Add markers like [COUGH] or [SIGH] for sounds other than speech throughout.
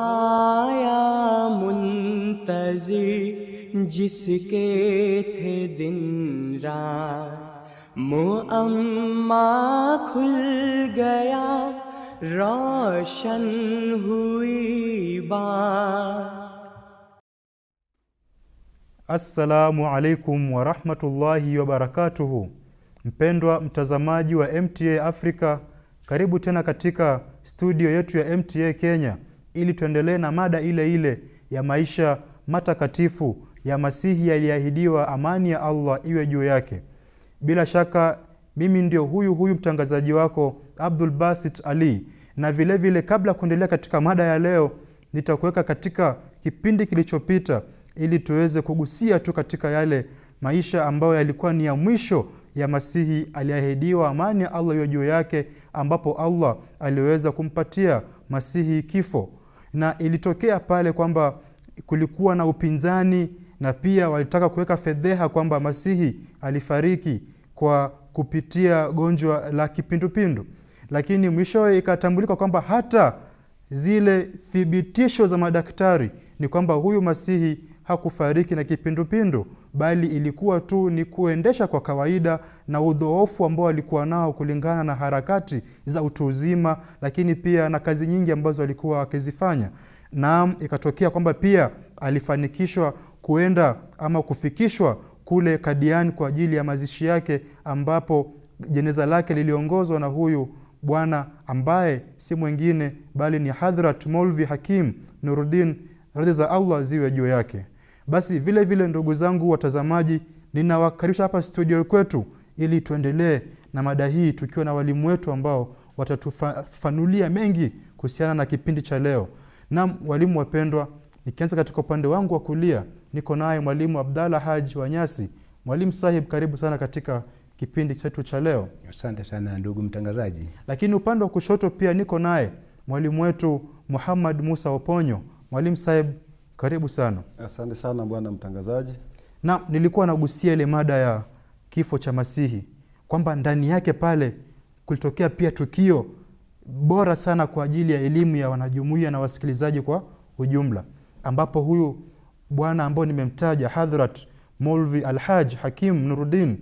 आया मुंतजिर जिसके थे दिन रात मुअम्मा खुल गया रोशन हुई बात Assalamu alaikum warahmatullahi wabarakatuhu, mpendwa mtazamaji wa MTA Africa, karibu tena katika studio yetu ya MTA Kenya ili tuendelee na mada ile ile ya maisha matakatifu ya masihi yaliyeahidiwa, amani ya Allah iwe juu yake. Bila shaka mimi ndio huyu huyu mtangazaji wako Abdul Basit Ali, na vilevile vile, kabla ya kuendelea katika mada ya leo, nitakuweka katika kipindi kilichopita ili tuweze kugusia tu katika yale maisha ambayo yalikuwa ni ya mwisho ya masihi aliahidiwa, amani ya Allah iwe juu yake, ambapo Allah aliweza kumpatia masihi kifo na ilitokea pale kwamba kulikuwa na upinzani na pia walitaka kuweka fedheha kwamba Masihi alifariki kwa kupitia gonjwa la kipindupindu, lakini mwishowe ikatambulika kwamba hata zile thibitisho za madaktari ni kwamba huyu Masihi hakufariki na kipindupindu, bali ilikuwa tu ni kuendesha kwa kawaida na udhoofu ambao alikuwa nao kulingana na harakati za utu uzima, lakini pia na kazi nyingi ambazo alikuwa akizifanya. Naam, ikatokea kwamba pia alifanikishwa kuenda ama kufikishwa kule Kadiani kwa ajili ya mazishi yake, ambapo jeneza lake liliongozwa na huyu bwana ambaye si mwingine bali ni Hadhrat Molvi Hakim Nuruddin, radhi za Allah ziwe juu yake. Basi vile vile, ndugu zangu watazamaji, ninawakaribisha hapa studio kwetu ili tuendelee na mada hii tukiwa na walimu wetu ambao watatufanulia mengi kuhusiana na kipindi cha leo. na walimu wapendwa, nikianza katika upande wangu wa kulia, niko naye mwalimu Abdalla Haji Wanyasi. Mwalimu sahib, karibu sana katika kipindi chetu cha leo. Asante sana ndugu mtangazaji. Lakini upande wa kushoto pia niko naye mwalimu wetu Muhammad Musa Oponyo. Mwalimu sahib, karibu sana. Asante sana bwana mtangazaji. Na nilikuwa nagusia ile mada ya kifo cha Masihi kwamba ndani yake pale kulitokea pia tukio bora sana kwa ajili ya elimu ya wanajumuiya na wasikilizaji kwa ujumla, ambapo huyu bwana ambao nimemtaja Hadhrat Molvi Alhaj Hakim Nuruddin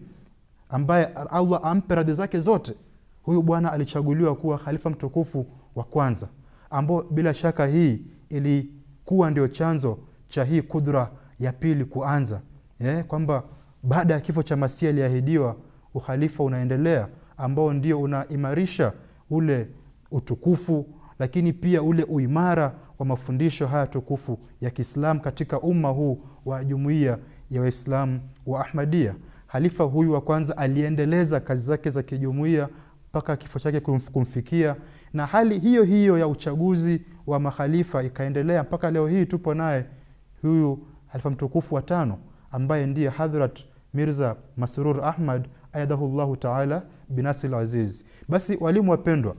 ambaye Allah ampe radhi zake zote, huyu bwana alichaguliwa kuwa khalifa mtukufu wa kwanza, ambao bila shaka hii ili kuwa ndio chanzo cha hii kudra ya pili kuanza eh, kwamba baada ya kifo cha Masihi aliahidiwa uhalifa unaendelea ambao ndio unaimarisha ule utukufu lakini pia ule uimara wa mafundisho haya tukufu ya Kiislamu katika umma huu wa jumuiya ya Waislamu wa Ahmadia. Halifa huyu wa kwanza aliendeleza kazi zake za kijumuiya mpaka kifo chake kumfikia na hali hiyo hiyo ya uchaguzi wa makhalifa ikaendelea mpaka leo hii tupo naye huyu halifa mtukufu wa tano ambaye ndiye Hadhrat Mirza Masrur Ahmad ayadahu llahu taala binasil aziz. Basi walimu wapendwa,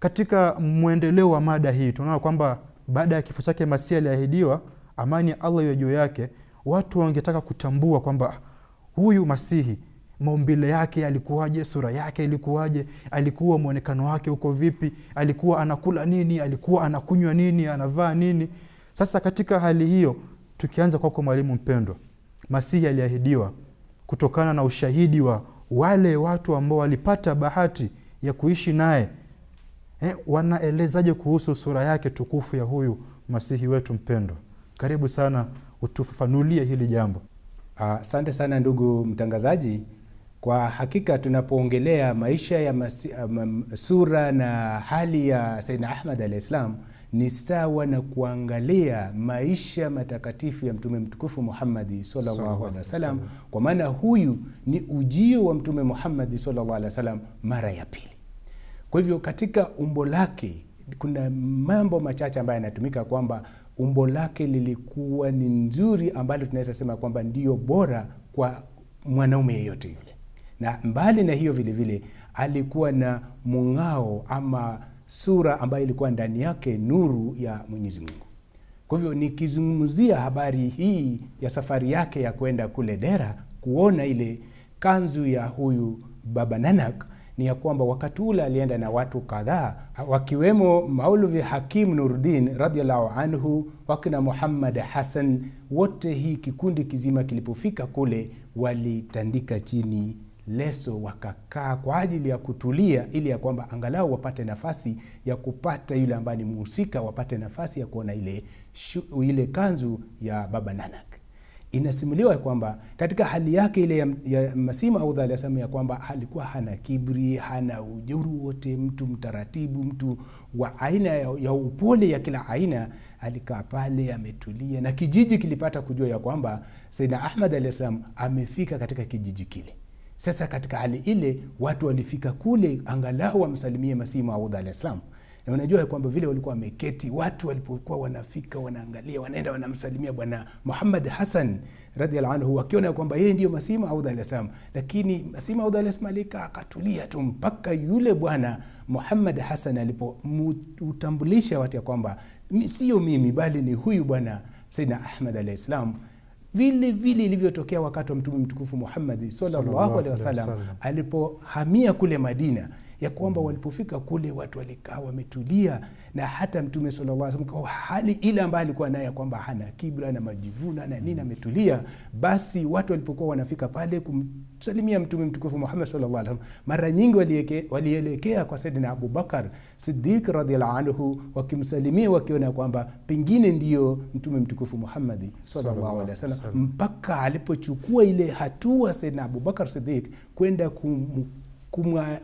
katika mwendeleo wa mada hii tunaona kwamba baada ya kifo chake Masihi aliahidiwa amani ya Allah iyo juu yake, watu wangetaka kutambua kwamba huyu Masihi maumbile yake alikuwaje sura yake ilikuwaje alikuwa mwonekano wake uko vipi alikuwa anakula nini alikuwa anakunywa nini anavaa nini sasa katika hali hiyo tukianza kwako mwalimu mpendwa masihi aliahidiwa kutokana na ushahidi wa wale watu ambao walipata bahati ya kuishi naye eh, wanaelezaje kuhusu sura yake tukufu ya huyu masihi wetu mpendwa karibu sana utufafanulie hili jambo asante sana ndugu mtangazaji kwa hakika tunapoongelea maisha ya sura na hali ya Saidna Ahmad alahi ssalam ni sawa na kuangalia maisha matakatifu ya Mtume mtukufu Muhammadi sallallahu alaihi wasallam, kwa maana huyu ni ujio wa Mtume Muhammadi sallallahu alaihi wasallam mara ya pili. Kwa hivyo katika umbo lake kuna mambo machache ambayo yanatumika kwamba umbo lake lilikuwa ni nzuri, ambalo tunaweza sema kwamba ndiyo bora kwa mwanaume yeyote yule na mbali na hiyo vilevile vile, alikuwa na mungao ama sura ambayo ilikuwa ndani yake nuru ya Mwenyezi Mungu. Kwa hivyo nikizungumzia habari hii ya safari yake ya kwenda kule Dera kuona ile kanzu ya huyu Baba Nanak ni ya kwamba wakati ule alienda na watu kadhaa wakiwemo Maulvi Hakim Nuruddin radhiallahu anhu, wakina Muhammad Hassan, wote hii kikundi kizima kilipofika kule walitandika chini leso wakakaa kwa ajili ya kutulia, ili ya kwamba angalau wapate nafasi ya kupata yule ambaye ni mhusika, wapate nafasi ya kuona ile, shu, ile kanzu ya baba Nanak. Inasimuliwa kwamba katika hali yake ile ya, ya Masih Maud alayhi ya kwamba alikuwa hana kibri hana ujuru wote, mtu mtaratibu, mtu wa aina ya, ya upole ya kila aina. Alikaa pale ametulia, na kijiji kilipata kujua ya kwamba Saidna Ahmad alayhi salam amefika katika kijiji kile sasa katika hali ile watu walifika kule angalau wamsalimie Masihi Maud alaihis salam, na unajua kwamba vile walikuwa wameketi watu walipokuwa wanafika wanaangalia, wanaenda wanamsalimia Bwana Muhammad Hassan radhiallahu anhu, wakiona kwamba yeye ndiyo Masihi Maud alaihis salam. Lakini Masihi Maud alaihis salam alikaa akatulia tu mpaka yule Bwana Muhammad Hassan alipoutambulisha watu ya kwamba siyo mimi bali ni huyu Bwana Saidina Ahmad alaihis salam vile vile ilivyotokea wakati wa Mtume mtukufu Muhammad sallallahu alaihi wasallam alipohamia kule Madina ya kwamba walipofika kule watu walikaa wametulia, na hata Mtume hali ile ambayo alikuwa naye kwamba hana kibla na majivuna na nini, ametulia. Basi watu walipokuwa wanafika pale kumsalimia Mtume mtukufu muhamad sallallahu mara nyingi walielekea kwa Saidina Abubakar sidik radhiallahu anhu, wakimsalimia wakiona kwamba pengine ndiyo Mtume mtukufu Muhammad mpaka alipochukua ile hatua Saidina Abubakar sidik kwenda kum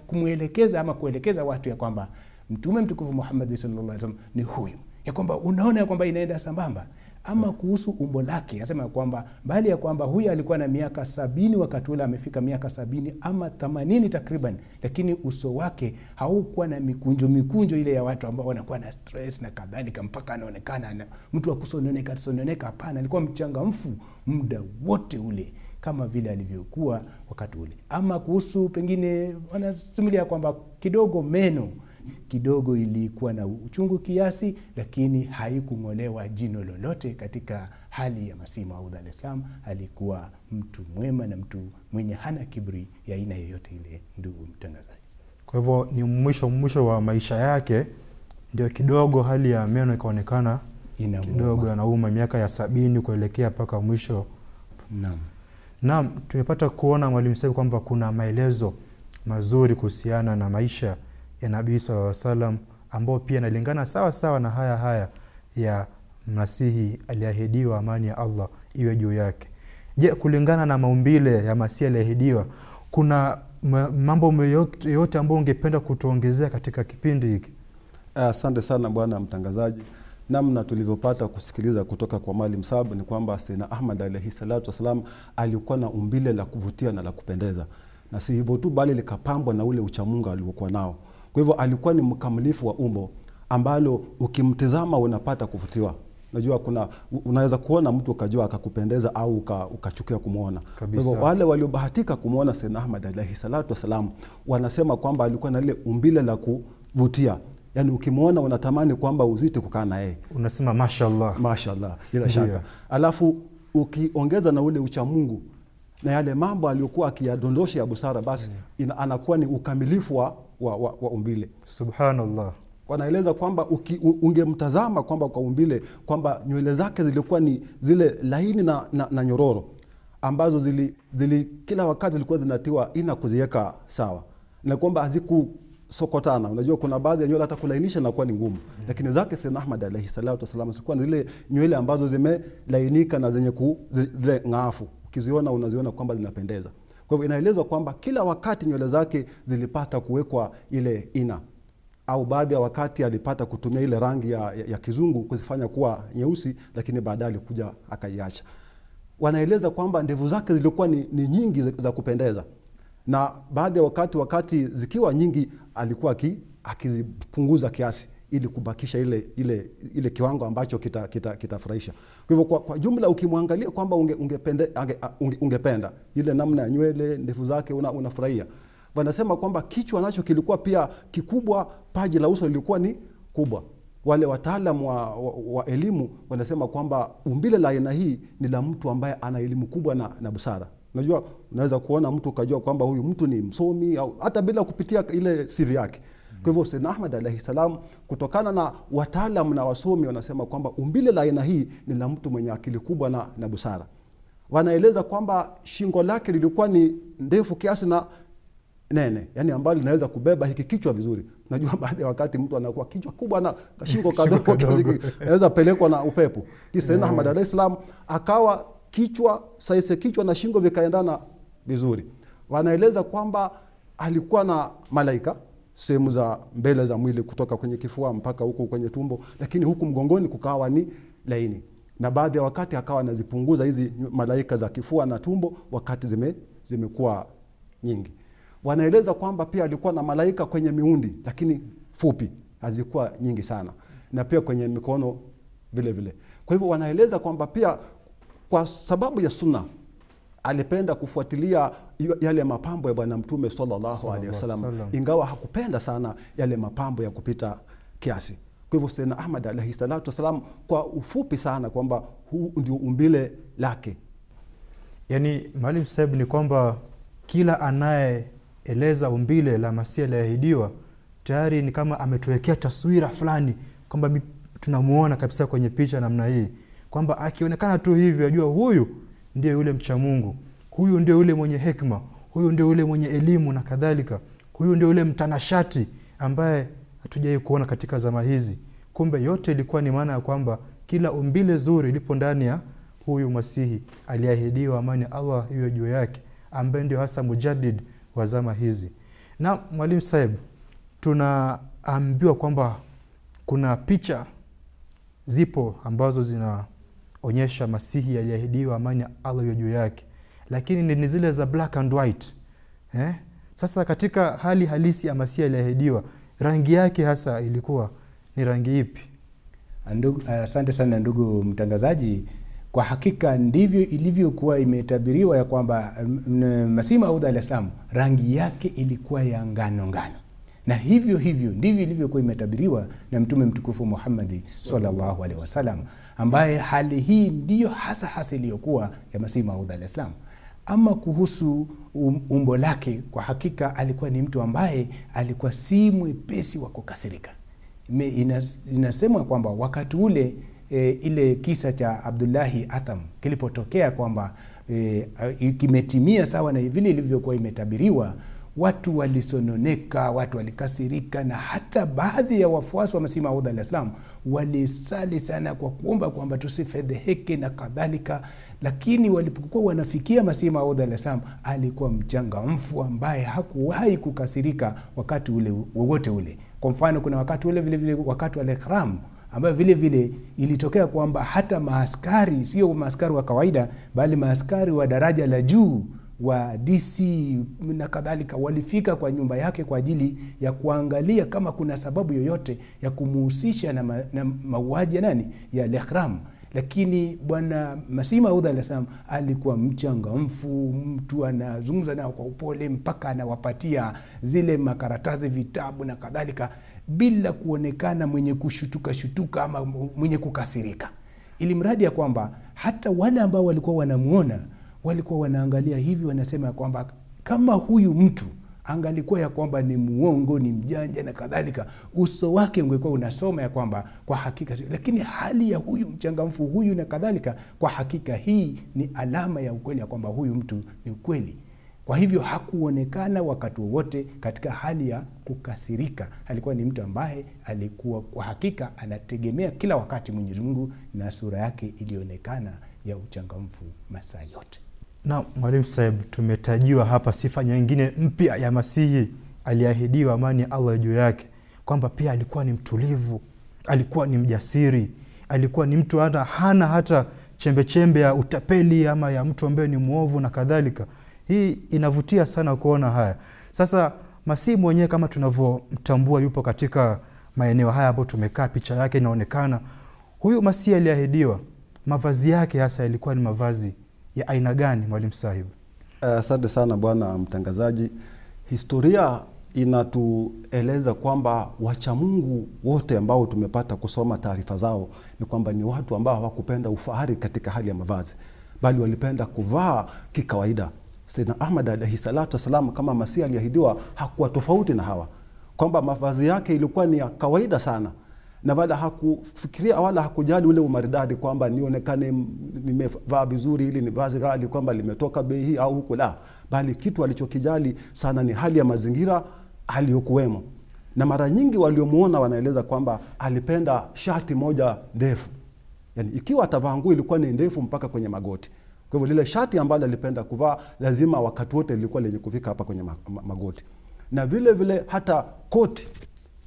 kumwelekeza ama kuelekeza watu ya kwamba mtume mtukufu Muhammad sallallahu alaihi wasallam ni huyu, ya kwamba unaona ya kwamba inaenda sambamba ama hmm. kuhusu umbo lake anasema kwamba mbali ya kwamba huyu alikuwa na miaka sabini wakati ule amefika miaka sabini ama thamanini takriban, lakini uso wake haukuwa na mikunjo mikunjo ile ya watu ambao wanakuwa na stress na kadhalika, mpaka anaonekana mtu wa kusononeka sononeka. Hapana, alikuwa mchangamfu muda wote ule kama vile alivyokuwa wakati ule. Ama kuhusu pengine, wanasimulia kwamba kidogo meno kidogo ilikuwa na uchungu kiasi, lakini haikung'olewa jino lolote. Katika hali ya Masihi Maud alaihis alikuwa mtu mwema na mtu mwenye hana kiburi ya aina yoyote ile, ndugu mtangazaji. Kwa hivyo ni mwisho mwisho wa maisha yake ndio kidogo hali ya meno ikaonekana kidogo yanauma, miaka ya sabini kuelekea mpaka mwisho. Naam. Naam, tumepata kuona Mwalimu sefu kwamba kuna maelezo mazuri kuhusiana na maisha ya Nabii sallallahu alaihi wasallam ambao pia yanalingana sawa sawa na haya haya ya Masihi aliahidiwa amani ya Allah iwe juu yake. Je, kulingana na maumbile ya Masihi aliahidiwa kuna mambo yote ambayo ungependa kutuongezea katika kipindi hiki? Asante sana bwana mtangazaji namna tulivyopata kusikiliza kutoka kwa Maalim Saab ni kwamba Sayyidna Ahmad alaihi salatu wassalam alikuwa na umbile la kuvutia na la kupendeza, na si hivyo tu, bali likapambwa na ule uchamungu aliokuwa nao. Kwa hivyo alikuwa ni mkamilifu wa umbo ambalo ukimtizama unapata kuvutiwa. Najua kuna unaweza kuona mtu ukajua akakupendeza au uka, ukachukia kumwona. Kwa hivyo wale waliobahatika kumwona Sayyidna Ahmad alaihi salatu wassalam wanasema kwamba alikuwa na ile umbile la kuvutia yani ukimwona unatamani kwamba uzite kukaa na yeye, unasema mashallah, mashallah, bila shaka. Alafu ukiongeza na ule uchamungu na yale mambo aliyokuwa akiyadondosha ya busara, basi ina, anakuwa ni ukamilifu wa, wa, wa, wa umbile. Subhanallah wanaeleza kwamba ungemtazama kwamba kwa umbile kwamba nywele zake zilikuwa ni zile laini na, na, na nyororo ambazo zili, zili kila wakati zilikuwa zinatiwa ina kuziweka sawa na kwamba haziku sokotana. Unajua kuna baadhi ya nywele hata kulainisha inakuwa ni ngumu, mm. lakini zake Sayyidna Ahmad alayhi salatu wasallam zilikuwa ni zile nywele ambazo zimelainika na zenye ku, zile ngafu. ukiziona unaziona kwamba zinapendeza. Kwa hivyo inaelezwa kwamba kila wakati nywele zake zilipata kuwekwa ile ina au baadhi ya wakati alipata kutumia ile rangi ya, ya, ya kizungu kuzifanya kuwa nyeusi, lakini baadaye alikuja akaiacha. Wanaeleza kwamba ndevu zake zilikuwa ni, ni nyingi za kupendeza na baadhi ya wakati wakati zikiwa nyingi alikuwa ki, akizipunguza kiasi ili kubakisha ile, ile, ile kiwango ambacho kitafurahisha kita, kita kwa hivyo kwa, jumla ukimwangalia kwamba unge, ungepende, unge, ungependa ile namna ya nywele ndefu zake una, unafurahia wanasema kwamba kichwa nacho kilikuwa pia kikubwa paji la uso lilikuwa ni kubwa wale wataalam wa, wa, wa elimu wanasema kwamba umbile la aina hii ni la mtu ambaye ana elimu kubwa na, na busara Unajua, unaweza kuona mtu ukajua kwamba huyu mtu ni msomi au hata bila kupitia ile siri yake. Kwa hivyo Sayyidna Ahmad alayhi salam, kutokana na wataalamu na wasomi wanasema kwamba umbile la aina hii ni la mtu mwenye akili kubwa na, na busara. Wanaeleza kwamba shingo lake lilikuwa ni ndefu kiasi na nene, yani ambalo linaweza kubeba hiki kichwa vizuri. Najua [LAUGHS] baadhi ya wakati mtu anakuwa kichwa kubwa na kashingo [LAUGHS] kadogo kiasi, [LAUGHS] anaweza pelekwa na upepo. Kisha Sayyidna Ahmad alayhi salam akawa kichwa saise, kichwa na shingo vikaendana vizuri. Wanaeleza kwamba alikuwa na malaika sehemu za mbele za mwili kutoka kwenye kifua mpaka huku kwenye tumbo, lakini huku mgongoni kukawa ni laini, na baadhi ya wakati akawa anazipunguza hizi malaika za kifua na tumbo wakati zime zimekuwa nyingi. Wanaeleza kwamba pia alikuwa na malaika kwenye miundi, lakini fupi, hazikuwa nyingi sana, na pia kwenye mikono vile vile. Kwa hivyo wanaeleza kwamba pia kwa sababu ya sunna alipenda kufuatilia yale mapambo ya Bwana Mtume sallallahu alaihi wasallam, ingawa hakupenda sana yale mapambo ya kupita kiasi. Kwa hivyo sena Ahmad alaihi salatu wassalam, kwa ufupi sana kwamba huu ndio umbile lake. yani mwalim sahib ni kwamba kila anayeeleza umbile la Masihi aliyeahidiwa tayari ni kama ametuwekea taswira fulani kwamba tunamuona kabisa kwenye picha namna hii kwamba akionekana tu hivyo ajua huyu ndio yule mcha Mungu, huyu ndio yule mwenye hekima, huyu ndio yule mwenye elimu na kadhalika, huyu ndio yule mtanashati ambaye hatujai kuona katika zama hizi. Kumbe yote ilikuwa ni maana ya kwamba kila umbile zuri lipo ndani ya huyu Masihi aliahidiwa, amani ya Allah iwe juu yake, ambaye ndio hasa mujadid wa zama hizi. Na mwalimu saib tunaambiwa kwamba kuna picha zipo ambazo zina onyesha Masihi aliahidiwa, amani ya Allah juu yake, lakini ni zile za black and white eh? Sasa katika hali halisi ya Masihi aliahidiwa, rangi yake hasa ilikuwa ni rangi ipi? Ah, ah, asante uh, sana ndugu mtangazaji. Kwa hakika ndivyo ilivyokuwa imetabiriwa ya kwamba mm, mm, Masihi Maud alah salam rangi yake ilikuwa ya ngano ngano, na hivyo hivyo ndivyo ilivyokuwa imetabiriwa na Mtume mtukufu Muhammadi sallallahu alhi wasallam ambaye hali hii ndiyo hasa hasa iliyokuwa ya Masihi Maud alaihis salam. Ama kuhusu um, umbo lake, kwa hakika alikuwa ni mtu ambaye alikuwa si mwepesi wa kukasirika. Inasemwa kwamba wakati ule e, ile kisa cha Abdullahi Atham kilipotokea kwamba e, kimetimia sawa na vile ilivyokuwa imetabiriwa watu walisononeka, watu walikasirika, na hata baadhi ya wafuasi wa Masihi Maud alah salam walisali sana kwa kuomba kwamba tusifedheheke na kadhalika. Lakini walipokuwa wanafikia Masihi Maud alah salam, alikuwa mchangamfu ambaye hakuwahi kukasirika wakati ule wowote ule. Kwa mfano, kuna wakati ule vilevile, wakati wa lehram ambayo vile vile ilitokea kwamba hata maaskari, sio maaskari wa kawaida, bali maaskari wa daraja la juu wa DC na kadhalika walifika kwa nyumba yake kwa ajili ya kuangalia kama kuna sababu yoyote ya kumuhusisha na, ma, na mauaji ya nani ya Lehram, lakini bwana Masih Maud alaihis salaam alikuwa mchangamfu, mtu anazungumza nao kwa upole mpaka anawapatia zile makaratasi, vitabu na kadhalika, bila kuonekana mwenye kushutuka shutuka ama mwenye kukasirika, ili mradi ya kwamba hata wale ambao walikuwa wanamuona walikuwa wanaangalia hivi, wanasema ya kwamba kama huyu mtu angalikuwa ya kwamba ni muongo, ni mjanja na kadhalika, uso wake ungekuwa unasoma ya kwamba kwa hakika, lakini hali ya huyu mchangamfu huyu na kadhalika, kwa hakika hii ni alama ya ukweli ya kwamba huyu mtu ni ukweli. Kwa hivyo hakuonekana wakati wowote katika hali ya kukasirika. Alikuwa ni mtu ambaye alikuwa kwa hakika anategemea kila wakati Mwenyezi Mungu, na sura yake ilionekana ya uchangamfu masaa yote. Na mwalimu sahibu, tumetajiwa hapa sifa nyingine mpya ya Masihi aliahidiwa amani ya Allah juu yake, kwamba pia alikuwa ni mtulivu, alikuwa ni mjasiri, alikuwa ni mtu hata hana hata chembechembe ya utapeli ama ya mtu ambaye ni mwovu na kadhalika. Hii inavutia sana kuona haya. Sasa Masihi mwenyewe kama tunavyomtambua yupo katika maeneo haya ambayo tumekaa, picha yake inaonekana. Huyu Masihi aliahidiwa, mavazi yake hasa yalikuwa ni mavazi ya aina gani, mwalimu sahibu? Eh, asante uh, sana bwana mtangazaji. Historia inatueleza kwamba wachamungu wote ambao tumepata kusoma taarifa zao ni kwamba ni watu ambao hawakupenda ufahari katika hali ya mavazi, bali walipenda kuvaa kikawaida. Sayyidina Ahmad alaihi salatu wassalam, kama Masihi aliahidiwa, hakuwa tofauti na hawa, kwamba mavazi yake ilikuwa ni ya kawaida sana na wala hakufikiria wala hakujali ule umaridadi kwamba nionekane nimevaa vizuri, ili ni vazi ghali, kwamba limetoka bei hii au huku, la, bali kitu alichokijali sana ni hali ya mazingira aliyokuwemo. Na mara nyingi waliomuona wanaeleza kwamba alipenda shati moja ndefu, yani ikiwa atavaa nguo ilikuwa ni ndefu mpaka kwenye magoti. Kwa hivyo lile shati ambalo alipenda kuvaa lazima wakati wote lilikuwa lenye kufika hapa kwenye magoti, na vile vile hata koti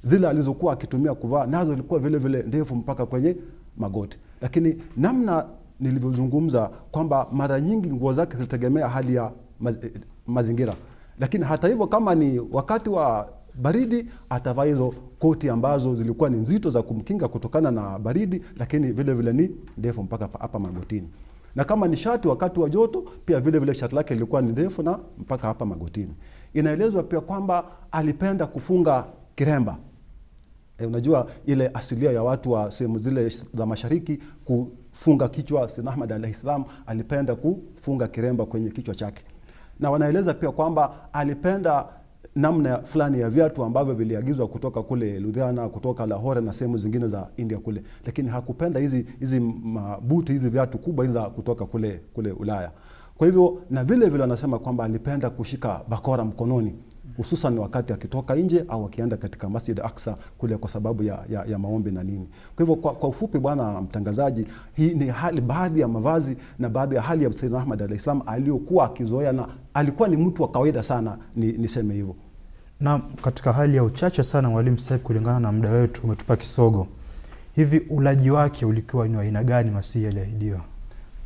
zile alizokuwa akitumia kuvaa nazo ilikuwa vile vile ndefu mpaka kwenye magoti. Lakini namna nilivyozungumza kwamba mara nyingi nguo zake zilitegemea hali ya eh, mazingira, lakini hata hivyo, kama ni wakati wa baridi atavaa hizo koti ambazo zilikuwa ni nzito za kumkinga kutokana na baridi, lakini vile vile ni ndefu mpaka hapa magotini. Na kama ni shati wakati wa joto, pia vile vile shati lake lilikuwa ni ndefu na mpaka hapa magotini. Inaelezwa pia kwamba alipenda kufunga kiremba E, unajua ile asilia ya watu wa sehemu zile za mashariki kufunga kichwa. Sayyidna Ahmad alayhi salam alipenda kufunga kiremba kwenye kichwa chake, na wanaeleza pia kwamba alipenda namna fulani ya viatu ambavyo viliagizwa kutoka kule Ludhiana, kutoka Lahore na sehemu zingine za India kule, lakini hakupenda hizi hizi mabuti hizi viatu kubwa hizi kutoka kule kule Ulaya. Kwa hivyo na vile vile wanasema kwamba alipenda kushika bakora mkononi hususan wakati akitoka nje au akienda katika Masjid Aqsa kule kwa sababu ya, ya, ya maombi na nini. Kwa hivyo kwa, kwa ufupi bwana mtangazaji, hii ni hali baadhi ya mavazi na baadhi ya hali ya Sayyidna Ahmad alayhi salam aliyokuwa akizoea, na alikuwa ni mtu wa kawaida sana, ni, niseme hivyo. Na katika hali ya uchache sana, mwalimu Saib, kulingana na muda wetu umetupa kisogo, hivi ulaji wake ulikuwa ni aina gani masihi aliahidiwa?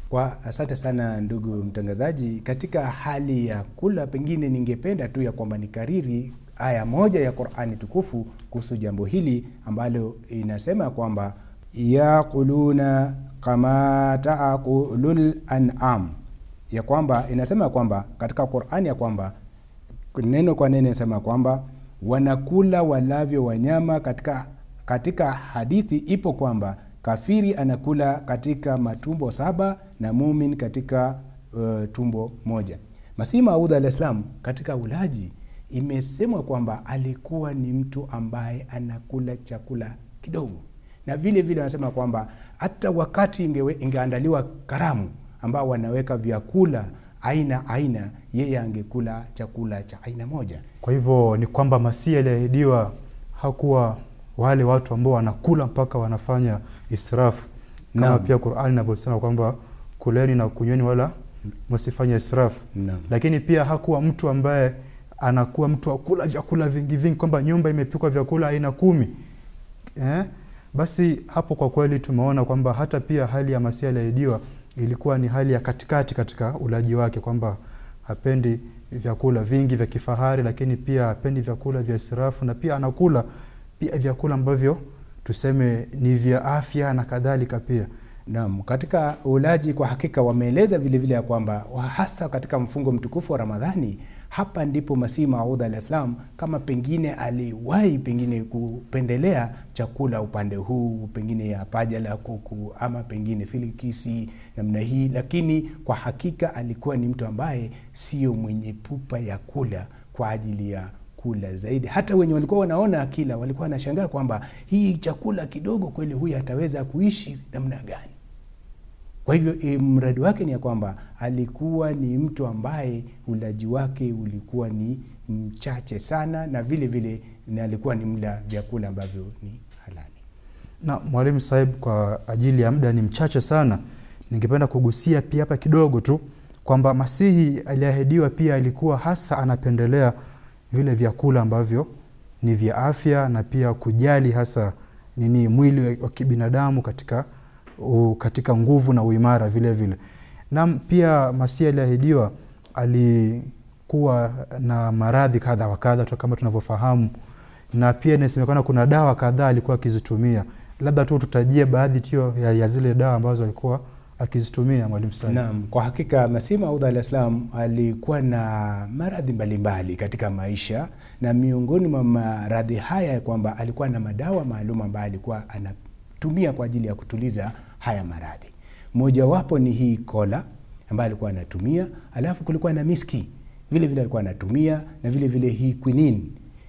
Kwa asante sana ndugu mtangazaji. Katika hali ya kula, pengine ningependa tu ya kwamba nikariri aya moja ya Qur'ani tukufu kuhusu jambo hili ambalo inasema kwamba yakuluna kama taakulul an'am, ya kwamba inasema kwamba katika Qur'ani ya kwamba neno kwa neno inasema kwamba wanakula walavyo wanyama. Katika, katika hadithi ipo kwamba Kafiri anakula katika matumbo saba na mumin katika uh, tumbo moja. Masihi Maud alahislam katika ulaji imesemwa kwamba alikuwa ni mtu ambaye anakula chakula kidogo, na vile vile wanasema kwamba hata wakati ingewe, ingeandaliwa karamu ambao wanaweka vyakula aina aina, yeye angekula chakula cha aina moja. Kwa hivyo ni kwamba Masihi aliahidiwa hakuwa wale watu ambao wanakula mpaka wanafanya israfu kama Naam. pia Qur'an inavyosema kwamba kuleni na kunyweni wala msifanye israfu. Naam. Lakini pia hakuwa mtu ambaye anakuwa mtu akula vyakula vingi vingi, kwamba nyumba imepikwa vyakula aina kumi eh? Basi hapo kwa kweli tumeona kwamba hata pia hali ya Masihi aliahidiwa ilikuwa ni hali ya katikati katika ulaji wake, kwamba hapendi vyakula vingi vya kifahari, lakini pia hapendi vyakula vya israfu na pia anakula pia vyakula ambavyo tuseme ni vya afya na kadhalika pia. nam katika ulaji kwa hakika wameeleza vilevile ya kwamba hasa katika mfungo mtukufu wa Ramadhani, hapa ndipo Masihi Maud alaihis kama pengine aliwahi pengine kupendelea chakula upande huu, pengine ya paja la kuku ama pengine filikisi namna hii, lakini kwa hakika alikuwa ni mtu ambaye sio mwenye pupa ya kula kwa ajili ya chakula zaidi. Hata wenye walikuwa wanaona akila walikuwa wanashangaa kwamba hii chakula kidogo kweli huyu ataweza kuishi namna gani? Kwa hivyo e, mradi wake ni ya kwamba alikuwa ni mtu ambaye ulaji wake ulikuwa ni mchache sana, na vile vile na alikuwa ni mla vyakula ambavyo ni halali. Na mwalimu Saib, kwa ajili ya muda ni mchache sana, ningependa kugusia pia hapa kidogo tu kwamba Masihi aliahidiwa pia alikuwa hasa anapendelea vile vyakula ambavyo ni vya afya na pia kujali hasa nini mwili wa kibinadamu katika, u, katika nguvu na uimara vile vile. Na pia Masihi aliahidiwa alikuwa na maradhi kadha wa kadha kama tunavyofahamu, na pia inasemekana kuna dawa kadhaa alikuwa akizitumia. Labda tu tutajie baadhi tio ya, ya zile dawa ambazo alikuwa akizitumia Mwalimu Said. Naam, kwa hakika Masih Maud alaihis alikuwa na maradhi mbalimbali katika maisha, na miongoni mwa maradhi haya kwamba alikuwa na madawa maalum ambayo alikuwa anatumia kwa ajili ya kutuliza haya maradhi. Mojawapo ni hii kola ambayo alikuwa anatumia, alafu kulikuwa na miski vile vile alikuwa anatumia, na vile vile hii quinine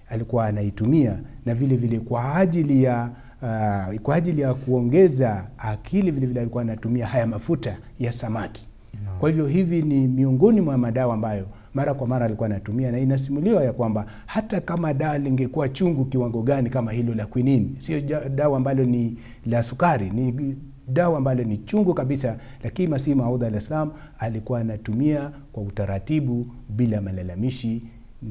alikuwa anaitumia, na vile vile kwa ajili ya uh, kwa ajili ya kuongeza akili. vile alikuwa anatumia haya mafuta ya samaki no. Kwa hivyo hivi ni miongoni mwa madawa ambayo mara kwa mara alikuwa anatumia, na inasimuliwa ya kwamba hata kama dawa lingekuwa chungu kiwango gani, kama hilo la kwinini, sio dawa ambalo ni la sukari, ni dawa ambalo ni chungu kabisa, lakini Masihi Maud alaihis salam alikuwa anatumia kwa utaratibu bila malalamishi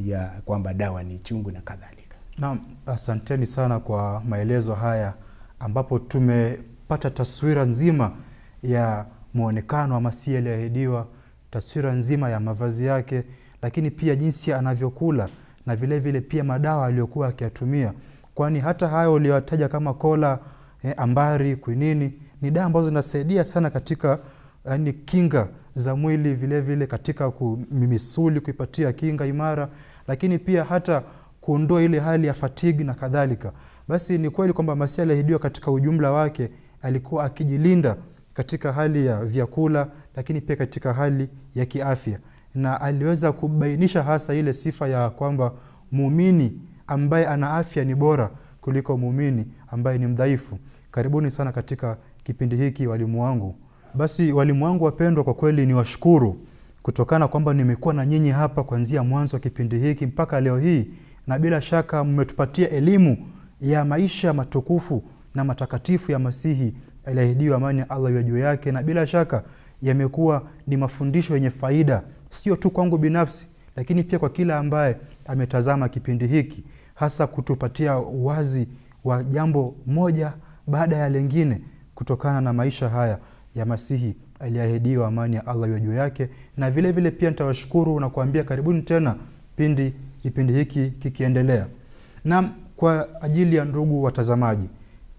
ya kwamba dawa ni chungu na kadhalika. Na asanteni sana kwa maelezo haya ambapo tumepata taswira nzima ya mwonekano wa si aliyeahidiwa, taswira nzima ya mavazi yake, lakini pia jinsi anavyokula na vile vile pia madawa aliyokuwa akiyatumia, kwani hata hayo uliyotaja kama kola eh, ambari, kwinini ni dawa ambazo zinasaidia sana katika yani, eh, kinga za mwili, vile vile katika misuli kuipatia kinga imara, lakini pia hata kuondoa ile hali ya fatigi na kadhalika. Basi ni kweli kwamba Masihi aliahidiwa katika ujumla wake alikuwa akijilinda katika hali ya vyakula, lakini pia katika hali ya kiafya, na aliweza kubainisha hasa ile sifa ya kwamba muumini ambaye ana afya ni bora kuliko muumini ambaye ni mdhaifu. Karibuni sana katika kipindi hiki walimu wangu. Basi walimu wangu wapendwa, kwa kweli ni washukuru kutokana kwamba nimekuwa na nyinyi hapa kuanzia mwanzo wa kipindi hiki mpaka leo hii na bila shaka mmetupatia elimu ya maisha matukufu na matakatifu ya Masihi aliyeahidiwa, amani ya Allah ya juu yake, na bila shaka yamekuwa ni mafundisho yenye faida sio tu kwangu binafsi, lakini pia kwa kila ambaye ametazama kipindi hiki, hasa kutupatia uwazi wa jambo moja baada ya lengine kutokana na maisha haya ya Masihi aliyeahidiwa, amani ya Allah ya juu yake. Na vilevile vile pia nitawashukuru na kuambia karibuni tena pindi kipindi hiki kikiendelea. Na kwa ajili ya ndugu watazamaji,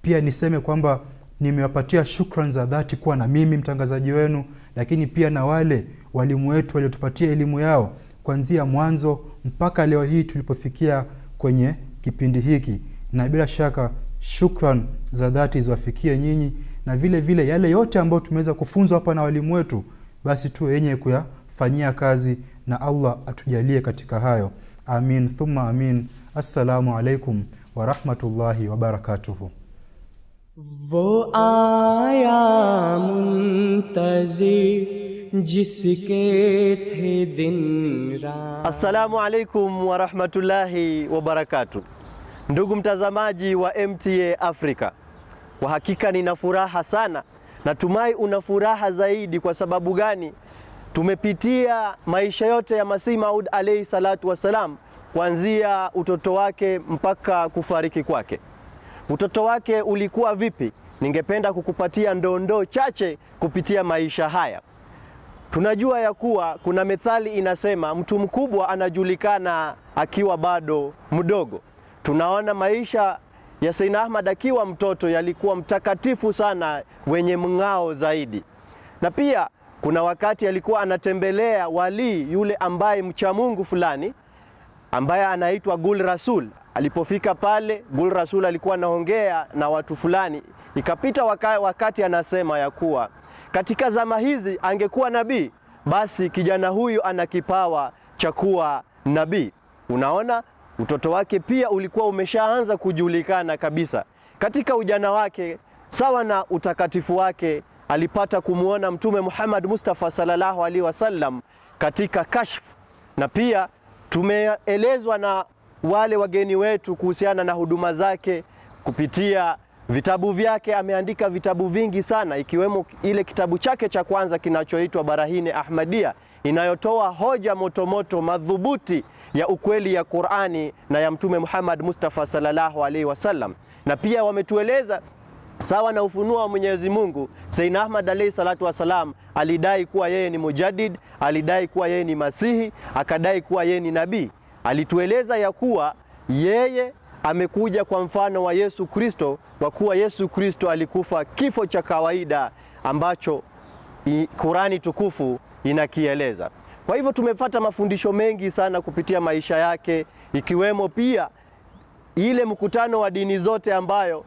pia niseme kwamba nimewapatia shukrani za dhati kuwa na mimi mtangazaji wenu, lakini pia na wale walimu wetu waliotupatia elimu yao kuanzia mwanzo mpaka leo hii tulipofikia kwenye kipindi hiki, na bila shaka shukran za dhati ziwafikie nyinyi, na vile vile yale yote ambayo tumeweza kufunzwa hapa na walimu wetu, basi tu yenye kuyafanyia kazi, na Allah atujalie katika hayo amin thumma amin assalamu alaikum warahmatullahi wabarakatuhu wo आया muntazi jiske the din ra assalamu alaikum warahmatullahi wabarakatuh ndugu mtazamaji wa MTA Africa kwa hakika nina furaha sana natumai una furaha zaidi kwa sababu gani Tumepitia maisha yote ya Masih Maud alaihi salatu wassalam, kuanzia utoto wake mpaka kufariki kwake. Utoto wake ulikuwa vipi? Ningependa kukupatia ndondoo chache kupitia maisha haya. Tunajua ya kuwa kuna methali inasema mtu mkubwa anajulikana akiwa bado mdogo. Tunaona maisha ya Sayyidna Ahmad akiwa mtoto yalikuwa mtakatifu sana, wenye mng'ao zaidi, na pia kuna wakati alikuwa anatembelea walii yule ambaye mcha Mungu fulani ambaye anaitwa Gul Rasul. Alipofika pale, Gul Rasul alikuwa anaongea na watu fulani, ikapita wakati anasema ya kuwa katika zama hizi angekuwa nabii, basi kijana huyu ana kipawa cha kuwa nabii. Unaona, utoto wake pia ulikuwa umeshaanza kujulikana kabisa katika ujana wake, sawa na utakatifu wake alipata kumwona Mtume Muhammad Mustafa sallallahu alaihi wasallam katika kashf, na pia tumeelezwa na wale wageni wetu kuhusiana na huduma zake kupitia vitabu vyake. Ameandika vitabu vingi sana, ikiwemo ile kitabu chake cha kwanza kinachoitwa Barahine Ahmadia inayotoa hoja motomoto madhubuti ya ukweli ya Qur'ani na ya Mtume Muhammad Mustafa sallallahu alaihi wasallam, na pia wametueleza Sawa na ufunuo wa Mwenyezi Mungu, Sayyidina Ahmad alayhi salatu wassalam alidai kuwa yeye ni mujaddid, alidai kuwa yeye ni masihi, akadai kuwa yeye ni nabii. Alitueleza ya kuwa yeye amekuja kwa mfano wa Yesu Kristo, kwa kuwa Yesu Kristo alikufa kifo cha kawaida ambacho Qurani tukufu inakieleza. Kwa hivyo tumepata mafundisho mengi sana kupitia maisha yake, ikiwemo pia ile mkutano wa dini zote ambayo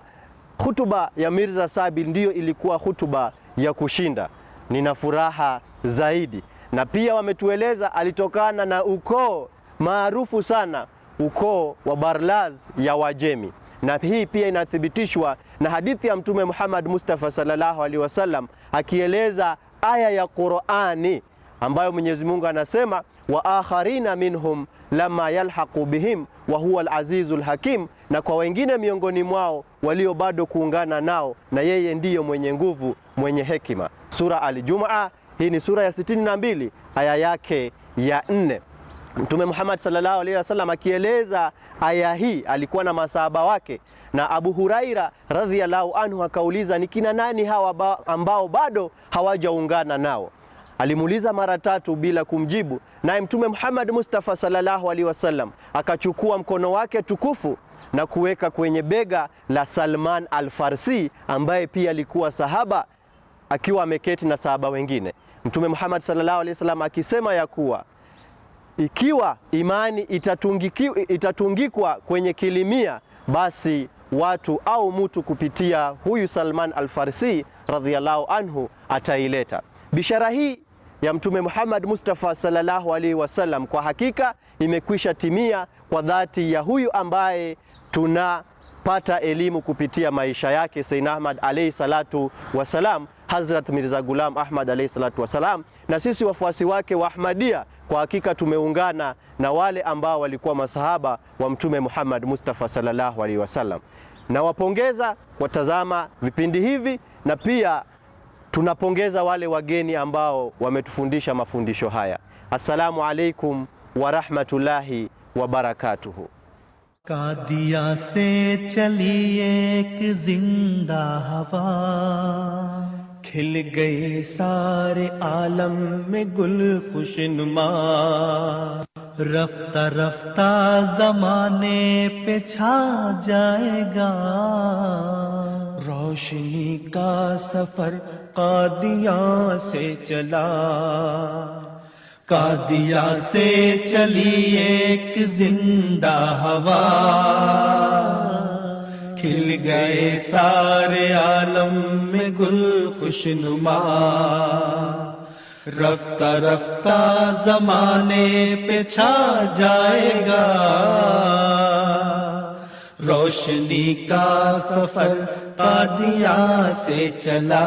Hutuba ya Mirza Sabi ndiyo ilikuwa hutuba ya kushinda. Nina furaha zaidi, na pia wametueleza alitokana na ukoo maarufu sana, ukoo wa Barlaz ya Wajemi, na hii pia inathibitishwa na hadithi ya Mtume Muhammad Mustafa sallallahu alaihi wasallam akieleza aya ya Qur'ani ambayo Mwenyezi Mungu anasema wa akharina minhum lama yalhaqu bihim wa huwa alazizul hakim, na kwa wengine miongoni mwao walio bado kuungana nao na yeye ndiyo mwenye nguvu mwenye hekima. Sura Aljumaa, hii ni sura ya 62 aya yake ya 4. Mtume Muhammad sallallahu alaihi wasallam akieleza aya hii alikuwa na masahaba wake, na Abu Huraira radhiallahu anhu akauliza, ni kina nani hawa ambao bado hawajaungana nao? Alimuuliza mara tatu bila kumjibu, naye Mtume Muhammad Mustafa sallallahu alaihi wasallam akachukua mkono wake tukufu na kuweka kwenye bega la Salman Al-Farsi ambaye pia alikuwa sahaba akiwa ameketi na sahaba wengine, Mtume Muhammad sallallahu alaihi wasallam akisema ya kuwa ikiwa imani itatungikwa kwenye kilimia, basi watu au mtu kupitia huyu Salman Al-Farsi radhiyallahu anhu ataileta bishara hii ya Mtume Muhammad Mustafa sallallahu alaihi wasallam kwa hakika imekwisha timia kwa dhati ya huyu ambaye tunapata elimu kupitia maisha yake Sayyid Ahmad alaihi salatu wasalam, Hazrat Mirza Ghulam Ahmad alaihi salatu wasalam. Na sisi wafuasi wake wa Ahmadia kwa hakika tumeungana na wale ambao walikuwa masahaba wa Mtume Muhammad Mustafa sallallahu alaihi wasallam. Nawapongeza watazama vipindi hivi na pia Tunapongeza wale wageni ambao wametufundisha mafundisho haya. Assalamu alaikum warahmatullahi wabarakatuhu. Qadian से चली एक जिंदा हवा खिल गए सारे आलम में गुल खुशनुमा rafta rafta zamane pe chha jayega roshni ka safar قادیاں سے چلا قادیا سے چلی ایک زندہ ہوا کھل گئے سارے عالم میں گل خوش نما رفتہ رفتہ زمانے پہ چھا جائے گا روشنی کا سفر دیا سے چلا